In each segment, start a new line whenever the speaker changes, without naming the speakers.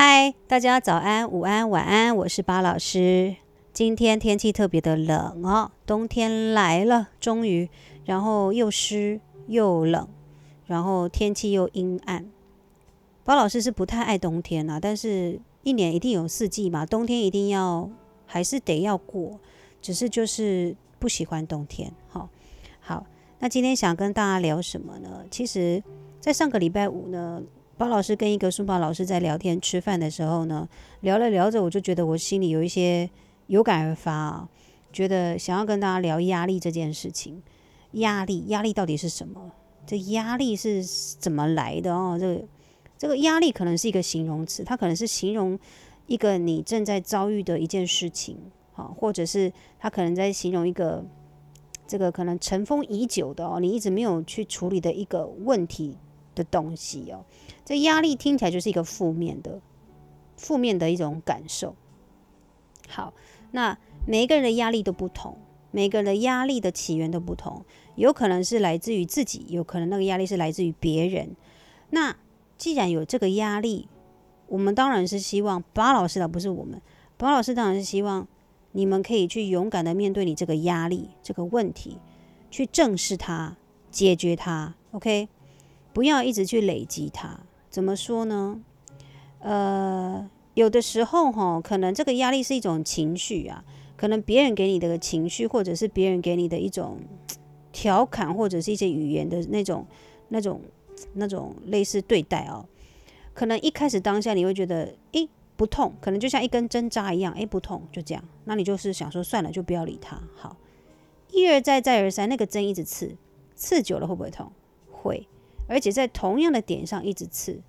嗨，Hi, 大家早安、午安、晚安，我是巴老師。今天天氣特別的冷哦，冬天來了，終於，然後又濕又冷，然後天氣又陰暗。巴老師是不太愛冬天啦、啊，但是一年一定有四季嘛，冬天一定要還是得要過，只是就是不喜歡冬天。好、哦，好，那今天想跟大家聊什麼呢？其實，在上個禮拜五呢。包老師跟一個書法老師在聊天吃飯的時候呢，聊着聊着，我就覺得我心裡有一些有感而發啊，覺得想要跟大家聊壓力這件事情。壓力，壓力到底是什麼？這壓力是怎麼來的哦？這個這個壓力可能是一個形容詞，它可能是形容一個你正在遭遇的一件事情，好、哦，或者是它可能在形容一個這個可能塵封已久的哦，你一直沒有去處理的一個問題。的東西哦、喔，這壓力聽起來就是一個負面的、負面的一種感受。好，那每一個人的壓力都不同，每個人的壓力的起源都不同，有可能是來自於自己，有可能那個壓力是來自於別人。那既然有這個壓力，我們當然是希望巴老師，倒不是我們，巴老師當然是希望你們可以去勇敢的面對你這個壓力這個問題，去正視它，解決它。OK。不要一直去累積它。怎麼說呢？呃，有的時候哈，可能這個壓力是一種情緒啊，可能別人給你的情緒，或者是別人給你的一種調侃，或者是一些語言的那種、那種、那種類似對待哦。可能一開始當下你會覺得，哎，不痛，可能就像一根針扎一樣，哎，不痛，就這樣。那你就是想說，算了，就不要理它。好，一而再，再而三，那個針一直刺，刺久了會不會痛？會。而且在同樣的點上一直刺，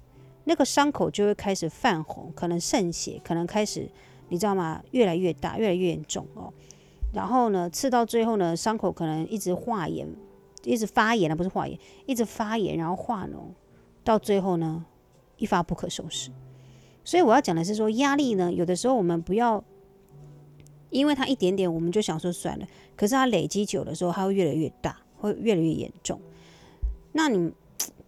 那個傷口就會開始泛紅，可能滲血，可能開始，你知道嗎？越來越大，越來越嚴重哦。然後呢，刺到最後呢，傷口可能一直化炎，一直發炎，不是化炎，一直發炎，然後化膿，到最後呢，一發不可收拾。所以我要講的是說，壓力呢，有的時候我們不要，因為它一點點，我們就想說算了。可是它累積久的時候，它會越來越大，會越來越嚴重。那你。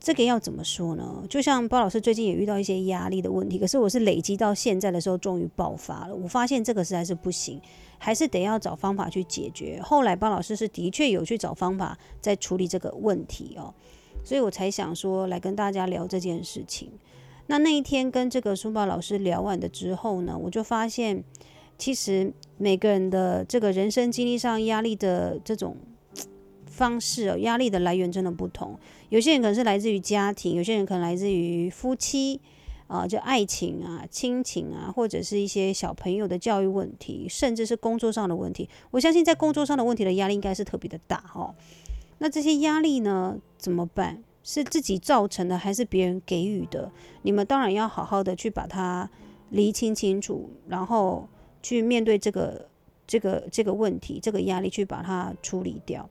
這個要怎麼說呢？就像巴老師最近也遇到一些壓力的問題，可是我是累積到現在的時候終於爆發了。我發現這個實在是不行，還是得要找方法去解決。後來巴老師是的確有去找方法在處理這個問題哦，所以我才想說來跟大家聊這件事情。那那一天跟這個書包老師聊完的之後呢，我就發現其實每個人的這個人生經歷上壓力的這種。方式哦、喔，壓力的來源真的不同。有些人可能是來自於家庭，有些人可能來自於夫妻，啊、呃，就愛情啊、親情啊，或者是一些小朋友的教育問題，甚至是工作上的問題。我相信在工作上的問題的壓力應該是特別的大哈、喔。那這些壓力呢，怎麼辦？是自己造成的，還是別人給予的？你們當然要好好的去把它釐清清楚，然後去面對這個、這個、這個問題、這個壓力，去把它處理掉。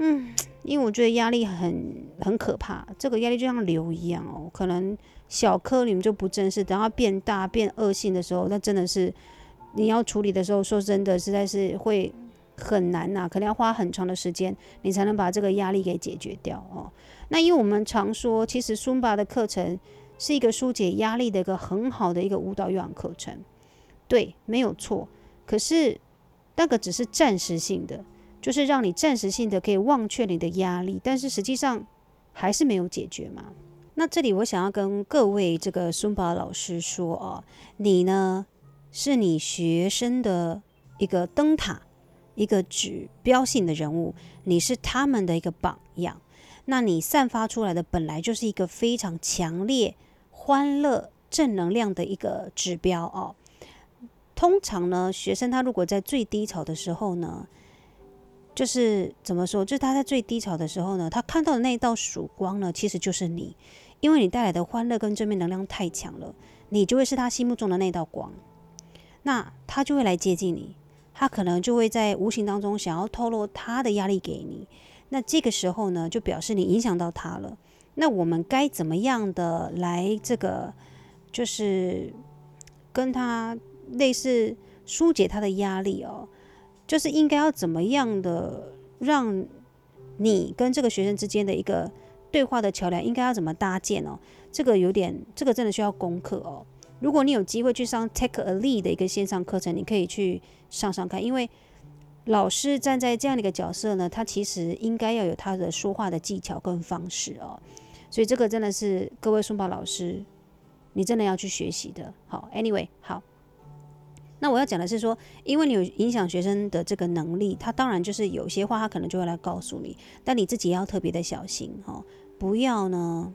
嗯，因為我覺得壓力很很可怕，這個壓力就像瘤一樣哦，可能小顆粒你們就不正視，等它變大變惡性的時候，那真的是你要處理的時候，說真的，實在是會很難吶、啊，可能要花很長的時間，你才能把這個壓力給解決掉哦。那因為我們常說，其實舒巴的課程是一個疏解壓力的一個很好的一個舞蹈有氧課程，對，沒有錯。可是那個只是暫時性的。就是讓你暫時性的可以忘卻你的壓力，但是實際上還是沒有解決嘛。那這裡我想要跟各位這個孫巴老師說啊、哦，你呢是你學生的一個燈塔，一個指標性的人物，你是他們的一個榜樣。那你散發出來的本來就是一個非常強烈、歡樂、正能量的一個指標哦。通常呢，學生他如果在最低潮的時候呢。就是怎麼說？就是他在最低潮的時候呢，他看到的那一道曙光呢，其實就是你，因為你帶來的歡樂跟正面能量太強了，你就會是他心目中的那道光，那他就會來接近你，他可能就會在無形當中想要透露他的壓力給你，那這個時候呢，就表示你影響到他了。那我們該怎麼樣的來這個，就是跟他類似疏解他的壓力哦？就是應該要怎麼樣的，讓你跟這個學生之間的一個對話的橋樑應該要怎麼搭建哦？這個有點，這個真的需要功課哦。如果你有機會去上 Take a Lead 的一個線上課程，你可以去上上看，因為老師站在這樣的一個角色呢，他其實應該要有他的說話的技巧跟方式哦。所以這個真的是各位松寶老師，你真的要去學習的。好，Anyway，好。那我要講的是說，因為你有影響學生的這個能力，他當然就是有些話他可能就會來告訴你，但你自己也要特別的小心哦，不要呢，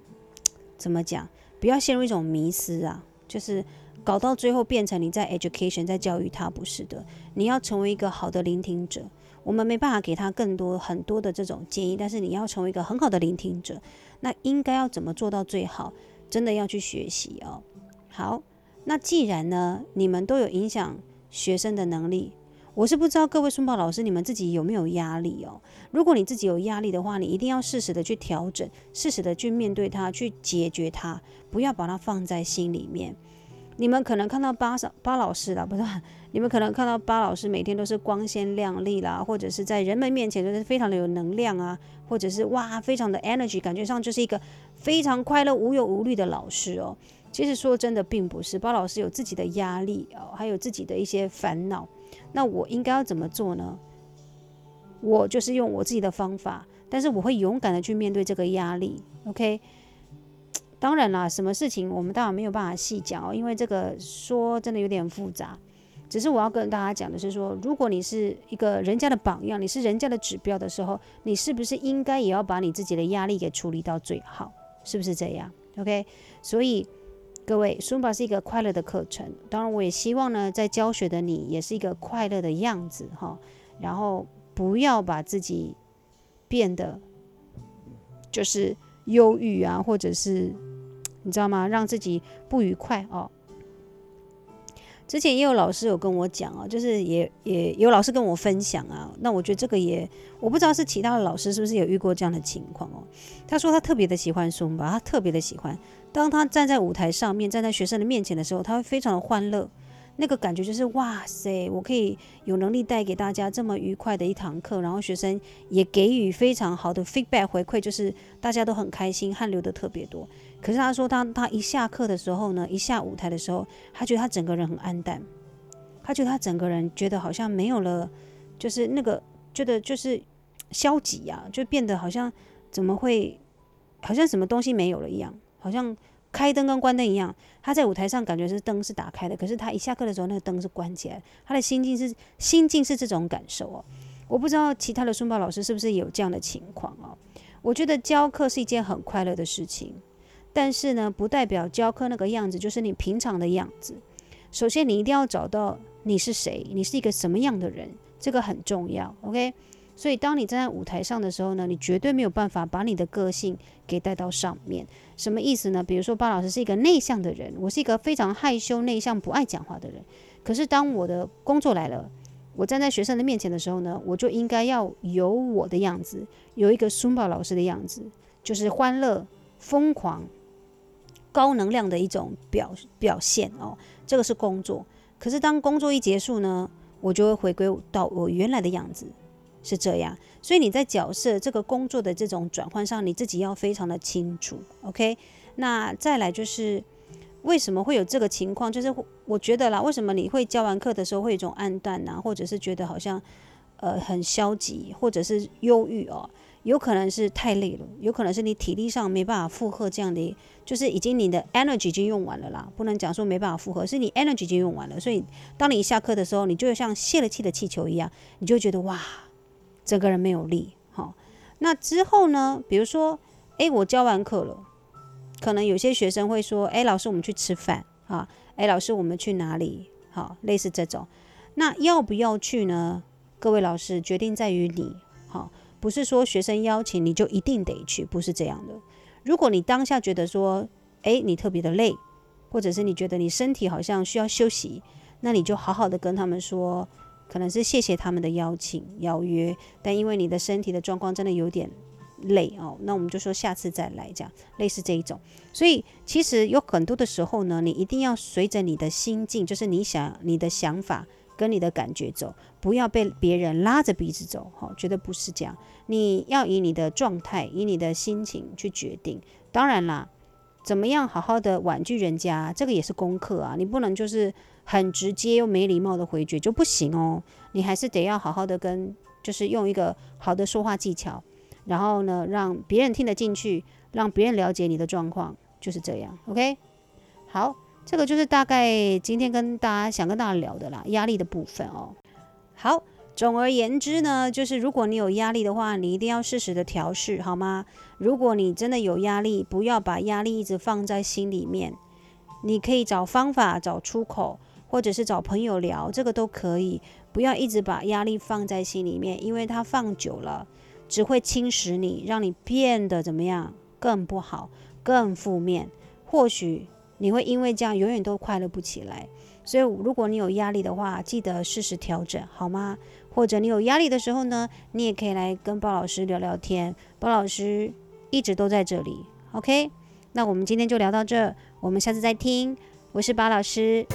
怎麼講？不要陷入一種迷思啊，就是搞到最後變成你在 education 在教育他，不是的。你要成為一個好的聆聽者，我們沒辦法給他更多很多的這種建議，但是你要成為一個很好的聆聽者，那應該要怎麼做到最好？真的要去學習哦。好。那既然呢，你們都有影響學生的能力，我是不知道各位送報老師你們自己有沒有壓力哦。如果你自己有壓力的話，你一定要適時的去調整，適時的去面對它，去解決它，不要把它放在心裡面。你們可能看到巴老老師啦，不是，你們可能看到巴老師每天都是光鮮亮麗啦，或者是在人們面前都是非常的有能量啊，或者是哇非常的 energy，感覺上就是一個非常快樂、無憂無慮的老師哦。其實說真的，並不是巴老師有自己的壓力哦，還有自己的一些煩惱。那我應該要怎麼做呢？我就是用我自己的方法，但是我會勇敢的去面對這個壓力。OK，當然啦，什麼事情我們當然沒有辦法細講哦，因為這個說真的有點複雜。只是我要跟大家講的是說，如果你是一個人家的榜樣，你是人家的指標的時候，你是不是應該也要把你自己的壓力給處理到最好？是不是這樣？OK，所以。各位，Zumba 是一個快樂的課程，當然我也希望呢，在教學的你也是一個快樂的樣子哈，然後不要把自己變得就是憂鬱啊，或者是你知道嗎，讓自己不愉快哦。之前也有老師有跟我講哦，就是也也有老師跟我分享啊，那我覺得這個也，我不知道是其他的老師是不是有遇過這樣的情況哦。他說他特別的喜歡松吧，他特別的喜歡，當他站在舞台上面，站在學生的面前的時候，他會非常的歡樂。那個感覺就是哇塞，我可以有能力帶給大家這麼愉快的一堂課，然後學生也給予非常好的 feedback 回饋，就是大家都很開心，汗流的特別多。可是他說他他一下課的時候呢，一下舞台的時候，他覺得他整個人很黯淡，他覺得他整個人覺得好像沒有了，就是那個覺得就是消極呀、啊，就變得好像怎麼會好像什麼東西沒有了一樣，好像。開燈跟關燈一樣，他在舞台上感覺是燈是打開的，可是他一下課的時候，那個燈是關起來。他的心境是心境是這種感受哦、喔。我不知道其他的書包老師是不是有這樣的情況哦、喔。我覺得教課是一件很快樂的事情，但是呢，不代表教課那個樣子就是你平常的樣子。首先，你一定要找到你是誰，你是一個什麼樣的人，這個很重要。OK。所以，當你站在舞台上的時候呢，你絕對沒有辦法把你的個性給帶到上面。什麼意思呢？比如說，巴老師是一個內向的人，我是一個非常害羞、內向、不愛講話的人。可是，當我的工作來了，我站在學生的面前的時候呢，我就應該要有我的樣子，有一個孫巴老師的樣子，就是歡樂、瘋狂、高能量的一種表表現哦。這個是工作。可是，當工作一結束呢，我就會回歸到我原來的樣子。是這樣，所以你在角色這個工作的這種轉換上，你自己要非常的清楚。OK，那再來就是為什麼會有這個情況？就是我覺得啦，為什麼你會教完課的時候會有一種暗淡吶、啊，或者是覺得好像呃很消極，或者是憂鬱哦，有可能是太累了，有可能是你體力上沒辦法負荷這樣的，就是已經你的 energy 已經用完了啦。不能講說沒辦法負荷，是你 energy 已經用完了，所以當你一下課的時候，你就像洩了氣的氣球一樣，你就覺得哇。這個人沒有力，好、哦，那之後呢？比如說，哎，我教完課了，可能有些學生會說，哎，老師，我們去吃飯啊？哎、哦，老師，我們去哪裡？好、哦，類似這種，那要不要去呢？各位老師，決定在於你，好、哦，不是說學生邀請你就一定得去，不是這樣的。如果你當下覺得說，哎，你特別的累，或者是你覺得你身體好像需要休息，那你就好好的跟他們說。可能是謝謝他們的邀請邀約，但因為你的身體的狀況真的有點累哦，那我們就說下次再來這樣，類似這一種。所以其實有很多的時候呢，你一定要隨着你的心境，就是你想你的想法跟你的感覺走，不要被別人拉着鼻子走。好、哦，絕對不是這樣，你要以你的狀態，以你的心情去決定。當然啦。怎麼樣好好的婉拒人家，這個也是功課啊！你不能就是很直接又沒禮貌的回絕就不行哦，你還是得要好好的跟，就是用一個好的說話技巧，然後呢，讓別人聽得進去，讓別人了解你的狀況，就是這樣。OK，好，這個就是大概今天跟大家想跟大家聊的啦，壓力的部分哦。好。總而言之呢，就是如果你有壓力的話，你一定要適時的調適，好嗎？如果你真的有壓力，不要把壓力一直放在心裡面，你可以找方法、找出口，或者是找朋友聊，這個都可以。不要一直把壓力放在心裡面，因為它放久了，只會侵蝕你，讓你變得怎麼樣？更不好，更負面。或許你會因為這樣永遠都快樂不起來。所以，如果你有壓力的話，記得適時調整，好嗎？或者你有壓力的時候呢，你也可以來跟巴老師聊聊天，巴老師一直都在這裡，OK？那我們今天就聊到這，我們下次再聽，我是巴老師。